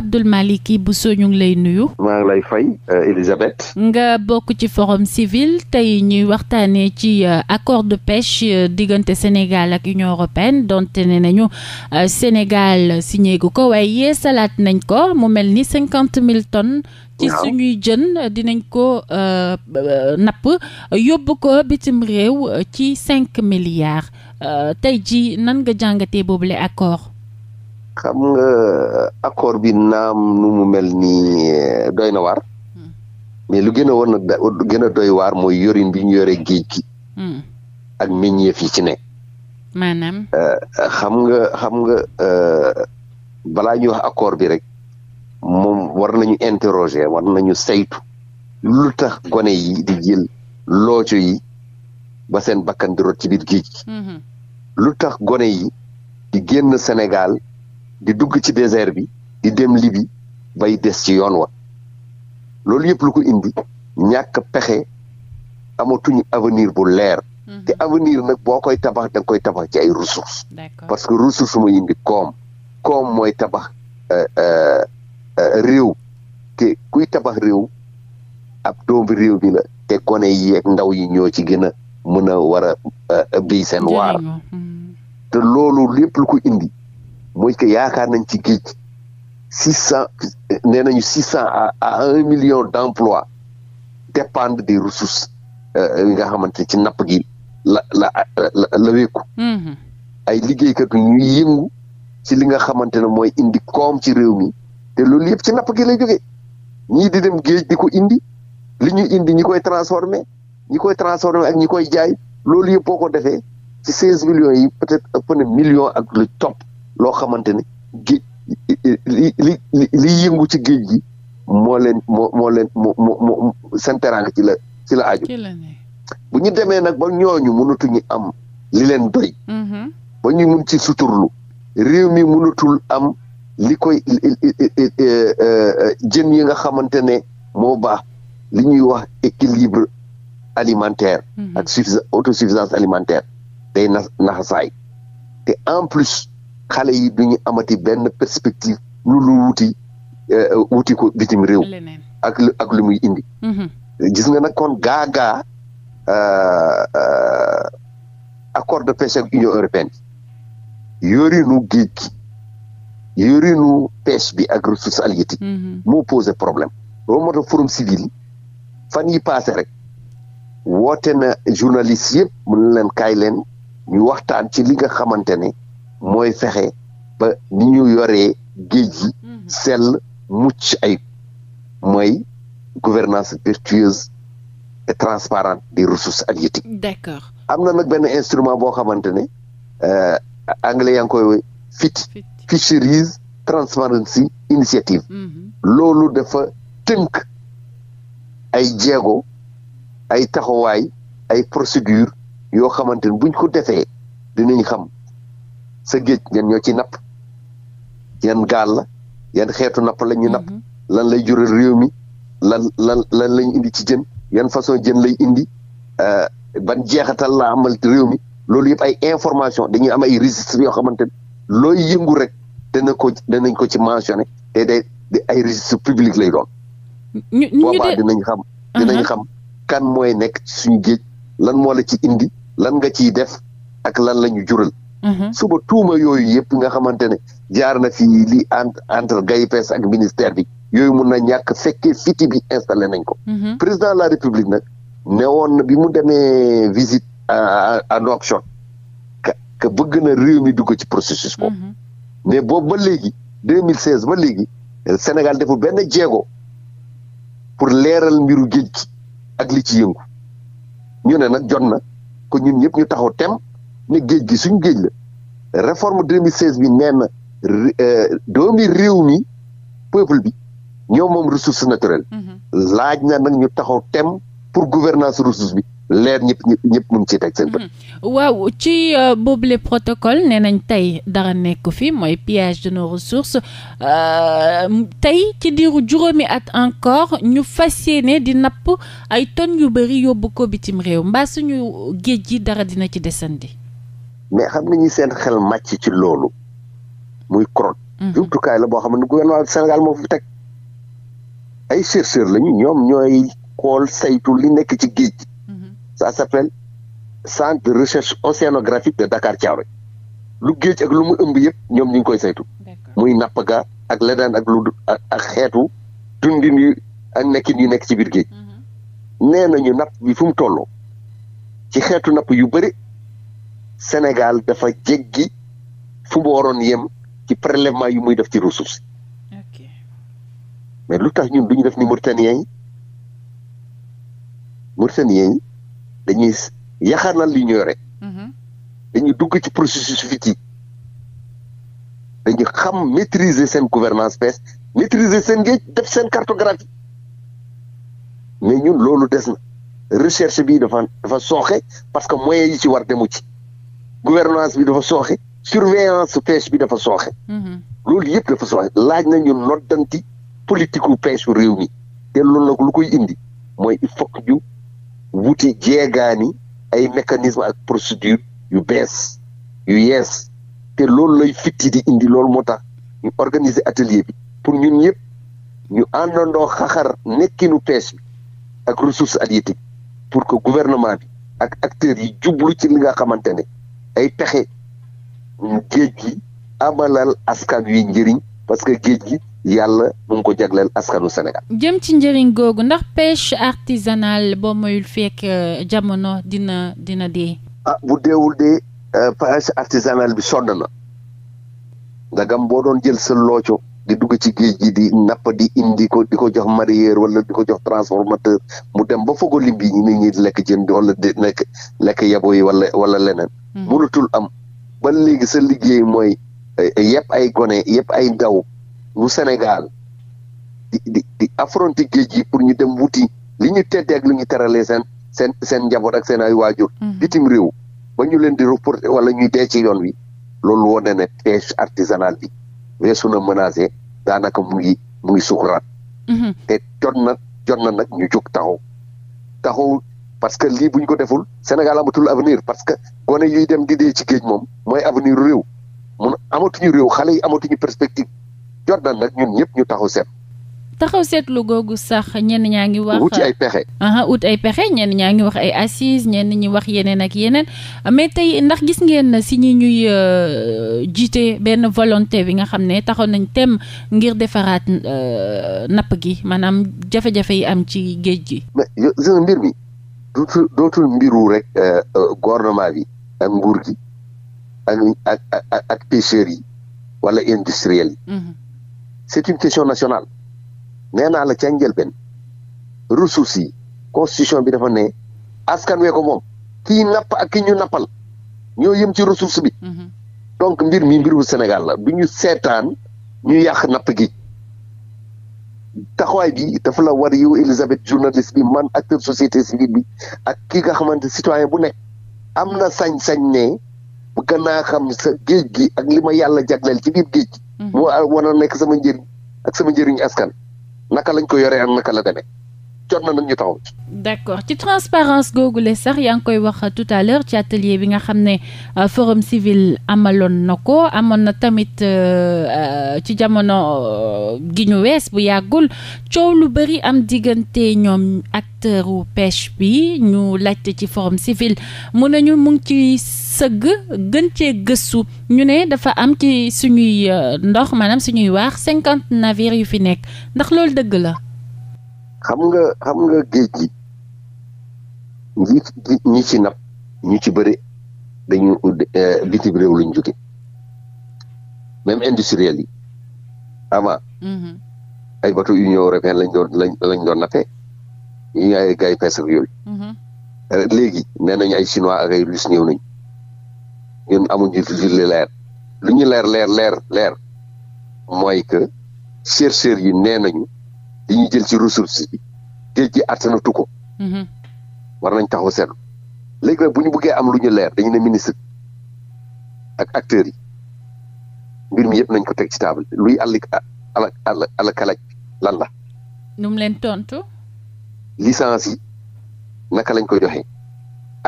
Abdoul Malick Bousso ñu ngi lay nuyu. maa lay fay euh, Elisabeth. nga bokk ci forum civil tey ñuy waxtaanee ci euh, accord de pêche euh, diggante Sénégal ak Union européenne donte ne nañu Sénégal signé gu ko waaye yeesalaat nañ ko mu mel ni cinquante mille tonnes. ci suñuy jën dinañ ko napp yóbbu ko bitim réew ci cinq milliards tey ji nan nga jàngatee boobule accord xam nga accord bi mel nii eh, doy na waar hmm. mais lu nag gën a doy waar mooy yorin bi ñu yore géej gi hmm. ak meññeef yi ci nekk maanaam eh, xam nga xam nga eh, balaa ñuy wax accord bi rek moom war nañu interroger war nañu saytu lu tax gone yi di jël looco yi ba seen bakkan di rot ci biir géej hmm. lu tax gone yi di génn Sénégal di dugg ci désert bi di dem bi bay des ci yoon wa loolu yëpp lu ko indi ñàkk pexe amatuñu avenir bu leer mhm. te avenir nag boo koy tabax da koy tabax ci ay ressources parce que ressource mooy indi koom koom mooy tabax euh, euh, euh, réew te kuy tabax réew ab doom bi réew bi la te gone ndaw yi ñoo ci gën a mën a wara a béy seen waar mhm. te loolu lépp lu ko indi mooy que yaakaar nañ ci géej six cent nee nañu six cent à à un million d' emplois dépendent des ressources euh, yi nga xamante ci napp gi la la la wékku mm-hmm. ay liggéeykat ñuy yëngu ci li nga xamante ne mooy indi koom ci réew mi te loolu yëpp ci napp gi lay jógee ñii di dem géej di ko indi li ñu indi ñi koy transformé ñi koy transformé ak ñi koy jaay loolu yëpp boo ko defee ci seize millions yi peut million ak lu topp loo xamante ne gi li li yëngu ci géej gi moo leen moo moo leen moo moo seen teraanga ci la ci la aju bu demee nag ba ñooñu mënatuñu am li leen doy mm-hmm. ba ñu mun ci suturlu réew mi mënatul am li koy eh, jën yi nga xamante ne moo baax li ñuy wax équilibre alimentaire mm-hmm. ak suffisance alimentaire day na naxasaay te en plus xale yi duñu amati benn perspective lu lu wuti euh, wuti ko bitim réew ak lu muy indi mm-hmm. gis nga nag kon gaa gaa euh, euh, accord de pêche ak union européenne yorinu géej gi yorinu pêche bi ak ressources halieutiques mm-hmm. moo posé problème loolu moo tax forum civil fan yi passé rek woote na journaliste yëpp mën leen kaay leen ñu waxtaan ci li nga xamante ne mooy fexe ba ni ñu yoree géej gi mhm. sell mucc ay mooy gouvernance vertueuse et transparente des ressources halieutiques. am na nag benn instrument boo xamante ne euh, anglais yaa ngi koy FIT. Fisheries Transparency Initiative. Mhm. loolu dafa tënk ay jéego ay taxawaay ay procédure yoo xamante ne buñ ko defee dinañ xam. sa géej ngeen ñoo ciy napp yan gaal la yan xeetu napp la ñuy napp mhm. lan lay jural réew mi lan lan lan lañ indi ci jën yan façon jën lay indi euh, ban jeexatal la amal réew mi loolu yëpp ay information dañuy am ay registre yoo xamante ne looy yëngu rek dana ko danañ ko ci mentionné te day ay registre public lay doon boobaa dinañ xam dinañ uh-huh. xam kan mooy nekk suñ géej lan moo la ci indi lan nga ciy def ak lan la ñu jural Mhm. suba tuuma yooyu yëpp nga xamante ne jaar na fi li entre entre GAIPES ak ministère bi yooyu mun na ñàkk fekkee fiti bi installé nañ ko. Mhm. président de la république nag ne woon na bi mu demee visite à à Nouakchott que bëgg na réew mi dugg ci processus boobu. mais mhm. boobu ba léegi 2016 ba léegi Sénégal deful benn jéego pour leeral mbiru géej gi ak li ci yëngu ñu ne nag jot na ko ñu ñëpp ñu taxaw tem. ne géej gi suñu géej la réforme bi nee na euh, doomi réew mi peuple bi ñoo moom ressource naturelle. Mhm. laaj na nag ñu taxaw tem pour gouvernance ressource bi. leer ñëpp ñëpp mun ci teg mhm. waaw ci euh, boobule protocole nee nañ tey dara nekk fi mooy pillage de euh, tey ci diiru juróomi at encore ñu fas yéene di napp ay tonnes yu bëri yóbbu ko bitim réew mbaa suñu géej gi dara dina ci desandi. mais xam nga ñi seen xel màcc ci loolu muy CROC. Mhm. jumtukaay la boo xam ne gouvernement du Sénégal moo fi teg ay chercheur lañu ñoom ñooy xool saytu li nekk ci géej gi. Mhm. ça s'appelle centre de recherche océanographique de Dakar Thiaroye lu géej ak lu mu ëmb yëpp ñoom ñu koy saytu. muy napp ga ak leneen ak lu ak xeetu dundin yu ak nekkin yu nekk ci biir géej. Mhm. nee nañu napp bi fu mu tolloo ci xeetu napp yu bëri Sénégal dafa jéggi fu mu waroon yem ci prélèvement yu muy def ci ressources yi mais lu tax ñun du def ni Mauritaniens yi dañuy yaxaanal li ñu yore mhm. dañuy dugg ci processus fiti dañu xam maîtriser seen gouvernance pes maîtriser seen géej def seen cartographie mais ñun loolu des na recherche bi dafa dafa sooxe parce que moyens yi ci war demu ci gouvernance bi dafa sooxe surveillance pêche bi dafa sooxe mhm. loolu yëpp dafa sooxe laaj nañu noddanti politique u pêche réew mi te loolu nag lu koy indi mooy il faut que ñu wuti jeegaani ay mécanisme ak procédure yu bees yu yees te loolu lay fitti di indi loolu moo tax ñu organiser atelier bi pour ñun ñëpp ñu àndandoo xaxar nekkinu pêche bi ak ressource halieutique pour que gouvernement bi ak acteurs yi jublu ci li nga xamante ne ay pexe géej gi amalal askan wi njëriñ parce que géej gi yàlla mu ngi ko jagleel askanu Sénégal. jëm ci njëriñ googu ndax pêche artisanale boo moyul fekk euh, jamono dina dina dee. ah bu deewul dee euh, pêche artisanale bi sodd na ndagam boo doon jël sa looco di dugg ci géej gi di napp di indi ko di ko jox mareyeur wala di ko jox transformateur mu dem ba foog lim bi nit ñi di lekk jën wala di lekk lekk yabo yi wala wala leneen. Hmm. mënatul am ba léegi sa liggéey mooy eh, yëpp ay gone yëpp ay ndaw lu Sénégal di di di affronter géej pour ñu dem wuti li ñu teddee ak li ñu teralee sen seen seen njaboot ak seen ay waajur. Hmm. bitim réew ba ñu leen di reporter wala ñuy dee ci yoon wi loolu wane ne pêche artisanale bi weesu na daanaka mu ngi mu ngi sukkuraat mm-hmm. te jot na jot na nag ñu jóg taxaw taxaw parce que lii bu ko deful Sénégal amatul avenir parce que gone yuy dem di dee ci géej moom mooy avenir réew mun amatuñu réew xale yi amatuñu perspective jot na nag ñun ñëpp ñu taxaw seet taxaw seetlu googu sax ñenn ñaa ngi wax wut ay pexe wut ay pexe ñenn ñaa ngi wax ay assises ñenn ñi wax yeneen ak yeneen mais tey ndax gis ngeen si ñi ñuy euh, jiite benn volonté bi nga xam ne taxaw nañ tem ngir defaraat euh, napp gi maanaam jafe-jafe yi am ci géej gi mais mbir mi dootul mbiru rek euh, gouvernement bi ak nguur gi ak ak yi wala industriels yi mhm. c'est question nationale nee naa la ca njëlbeen ressources yi constitution bi dafa ne askan weeko ko moom kii napp ak ki ñu nappal ñoo yëm ci ressource bi. Mhm. donc mbir mi mbiru Sénégal la du ñu seetaan ñu yàq napp gi. taxawaay bi dafa la war yow Elisabeth journaliste bi man acteur société civile bi ak ki nga xamante citoyen bu nekk am na sañ-sañ ne bëgg naa xam sa géej gi ak li ma yàlla jagleel ci biir géej gi. Mhm. war a nekk sama njëriñ ak sama njëriñ askan. naka lañ ko yoree ak naka la demee jot na nag taxaw ci. d'accord ci transparence googu le sax yaa ngi koy wax tout ci atelier bi nga xam ne euh, forum civil amaloon na ko amoon na tamit euh, euh, ci jamono gi ñu wees bu yàggul coow lu bari am diggante ñoom acteur u pêche bi ñu lajte ci forum civil mun nañu mu ngi ci. sëgg gën cee gëstu ñu ne dafa am ci suñuy euh, ndox maanaam suñuy waax cinquante navires yu fi nekk ndax loolu dëgg la. xam nga xam nga géej gi ñi ci napp ñu ci bëri dañu euh, bitim réew lañ jóge même industriel yi avant mm-hmm. ay bateau union européenne lañ doon lañ lañ doon nappee ñu ay gars yi yooyu mm-hmm. euh, léegi nee nañu ay chinois a ay russe ñëw nañu ñun amuñu leer lu ñu leer leer leer leer mooy que chercher yi nee nañu li ñu jël ci ressource bi géej gi attanatu ko. Mhm. war nañ taxaw seetlu léegi nag bu ñu bëggee am lu ñu leer dañ ne ministre ak acteurs yi mbir mi yëpp nañ ko teg ci table luy àll ala ala alakalaj lan la. nu mu tontu. licence yi naka lañ koy joxe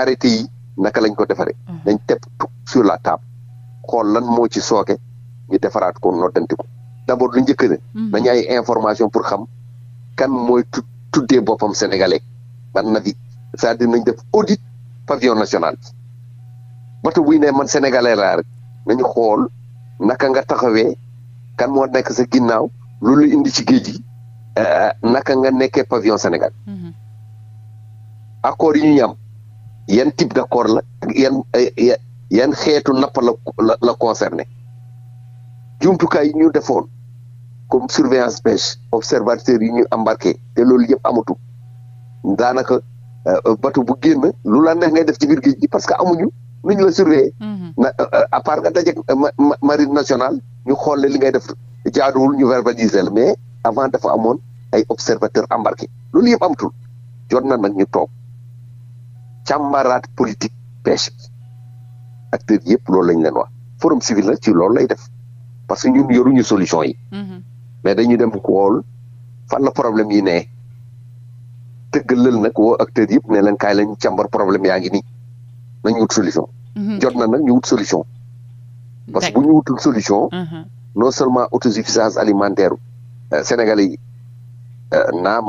arrêté yi. naka lañ ko defaree. Mm-hmm. dañ tepp sur la table xool lan moo ci sooke ñu defaraat ko noddanti ko d' abord lu njëkk mm-hmm. ne. dañu ay information pour xam kan mooy tu tuddee boppam sénégalais man na fi c'est-à-dire nañ def audit pavillon national bi bato ne man sénégalais laa rek nañu xool naka nga taxawe kan moo nekk sa ginnaaw loolu indi ci géej gi euh, naka nga nekke pavillon Sénégal mm-hmm. accord yi ñu yan type d'accord la yan yan xeetu napp la la la concerné yi ñu defoon comme surveillance pêche observateur yi ñu embarqué te loolu yëpp amatu daanaka euh, bateau bu génn lu la neex ngay def ci biir géej parce que amuñu nu ñu la surveiller na mhm. euh, euh, à part nga dajeeg marine nationale ñu xool li ngay def jaaduwul ñu verbaliser la mais avant dafa amoon ay observateur embarqué loolu yëpp amatul jot na nag ñu toog càmbaraat politique pêche acteurs yëpp loolu lañ leen wax forum civil nag ci lool lay def parce que ñun yoruñu solution yi. Mm-hmm. mais dañu dem xool fan la problème yi ne tëggalal nag woo acteurs yëpp ne leen kaay lañ càmbar problème yaa ngi nii nañu wut solution. Mm-hmm. jot na nag ñu wut solution. parce que bu ñu wutul mm-hmm. non seulement autosuffisance alimentaire euh, sénégalais yi euh, naam.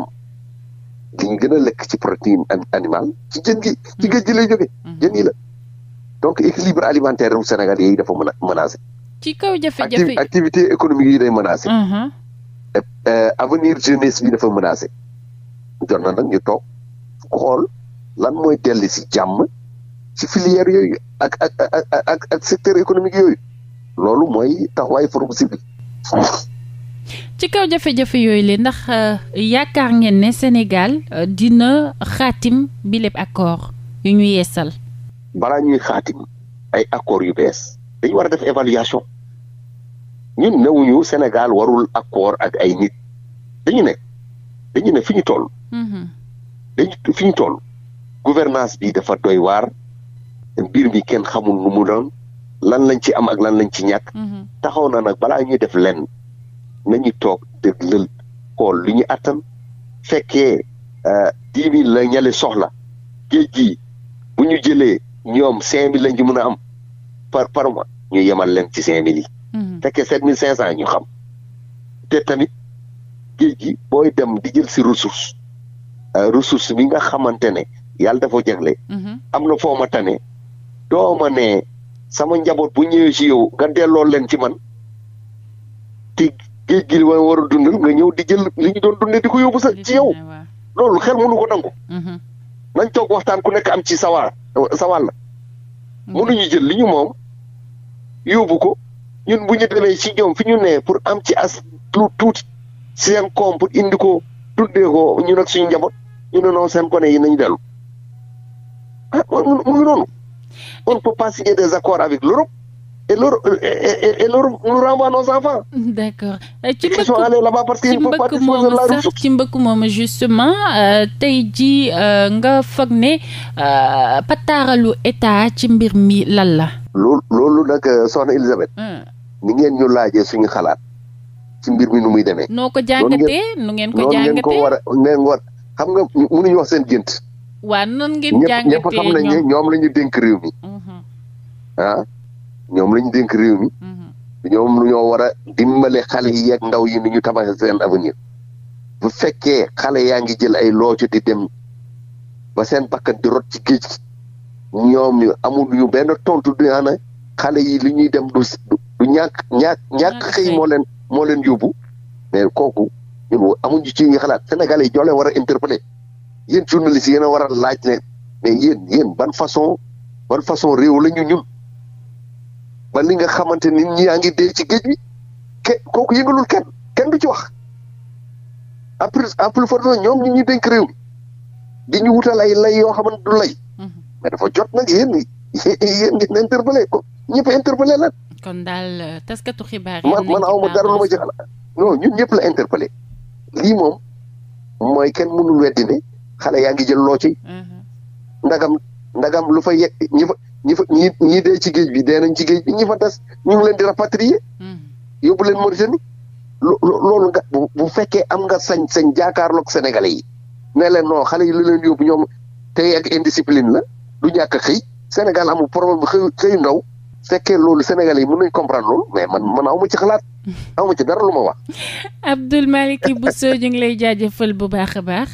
li ngi gën a lekk ci protéine animale ci jën gi ci géej gi mm-hmm. jën yi la donc équilibre alimentaire wu Sénégal yi dafa mën a menacé ci kaw jafe activité économique yi day menacé mm-hmm. euh, avenir jeunesse bi dafa menacé jot na nag ñu toog xool lan mooy dellu si jàmm ci filière yooyu ak ak ak ak secteur économique yooyu loolu mooy taxawaay forum civil ci kaw jafe-jafe yooyu la ndax euh, yaakaar ngeen ne Sénégal euh, dina xaatim bi lépp accord yu ñu yeesal. balaa ñuy xaatim ay accords yu bees dañu war a def évaluation ñun newuñu Sénégal warul accord ak ay nit dañu ne dañu ne fi ñu toll. Mhm. dañu fi ñu bi dafa doy waar mbir mi kenn xamul nu mu doon lan lañ ci am ak lan lañ ci ñàkk. Mhm. taxaw na nag balaa ñuy def lenn. nañu toog dëglal xool li ñu attan fekke euh, dix mil la ñale soxla géej gi bu ñu jëlee ñoom cinq mille lañ ci mën a am par par mois ñu yemal leen ci cinq mille yi mhm. fekkee sept mille cinq cent ñu xam te tamit géej gi booy dem di jël si ressource euh, ressource bi nga xamante ne yàlla dafa jagle mhm. am na foo ma tane dooma sama njaboot bu ñëwee ci yow nga delloo leen ci man tig géej gi li ma war nga ñëw di jël liñu ñu doon dundee di ko yóbbu sax ci yow loolu xel mënu ko nangu. Mm-hmm. nañ toog waxtaan ku nekk am ci sawar sawar la. Mm-hmm. mënuñu jël li ñu moom yóbbu ko ñun bu ñu demee ci ñoom fi ñu nee pour am ci as lu tuuti seen koom pour indi ko tuddee ko ñun ak suñu njaboot ñu ne non seen kone yi nañ dellu ah mu ngi noonu on peut des accords avec l'Europe et leur, et, et leur, on leur envoie ci mbëkk sont allés parce qu'ils ne peuvent pas disposer de la ressource. ci mbëkk moomu justement euh, tey jii euh, nga foog ne euh, pataaralu état ci mbir mi lan la. loolu loolu nag soxna Elisabeth. ni ngeen ñu laajee suñu xalaat ci mbir mi nu muy demee. noo ko jàngatee nu ngeen ko jàngatee ngeen ko war a ngeen war xam nga mënuñu wax seen gént. waaw noonu ngeen jàngatee ñoom ñëpp xam nañ la ñu mi ah. ñoom lañu dénk réew mi mm-hmm. ñoom ñoo war a dimbale xale yi ak ndaw yi ni ñu tabaxee seen avenir bu fekkee xale yaa ngi jël ay looco di dem ba seen bakkan di rot ci géej ñoom ñu amul ñu benn tontu xale yi li ñuy dem du du ñàkk ñàkk xëy moo leen moo leen yóbbu mais kooku ñun amuñu ci ñu xalaat Sénégalais yi ñoo leen war a interpeller yéen journalistes yéen a war laaj ne mais yéen yéen ban façon ban façon réew la ñun ba li nga xamante nit ñi yaa ngi dee ci géej bi ke kooku yëngalul kenn kenn du ci wax en plus en plus fort ñoom ñu ñuy dénk mi di ñu wutal ay lay yoo xamante du lay mhm. mais dafa jot nag yéen yéen ngeen interpellé ko ñëpp interpellé la. kon daal euh, taskatu xibaar man a aw ma dara lu ma ci xalaat non ñun la interpellé lii moom mooy kenn mënul weddi ne xale yaa ngi jël loo ci mhm. ndagam ndagam lu fa yegg ñi ñi fa ñi ñi dee ci géej bi dee nañ ci géej bi ñi fa des ñu ngi leen di rapatrier hmm. yóbbu leen Mauritanie loolu nga bu fekkee am nga sañ sañ jaakaarloog Sénégalais yi ne leen non xale yi lu leen yóbbu ñoom te ak indiscipline la du ñàkk xëy Sénégal amul problème xëy xëy ndaw fekkee loolu Sénégalais yi mën nañ comprendre loolu mais man man aw ma ci xalaat aw ma ci dara lu ma wax. Abdou Malick Bousso ñu ngi lay jaajëfal bu baax a baax.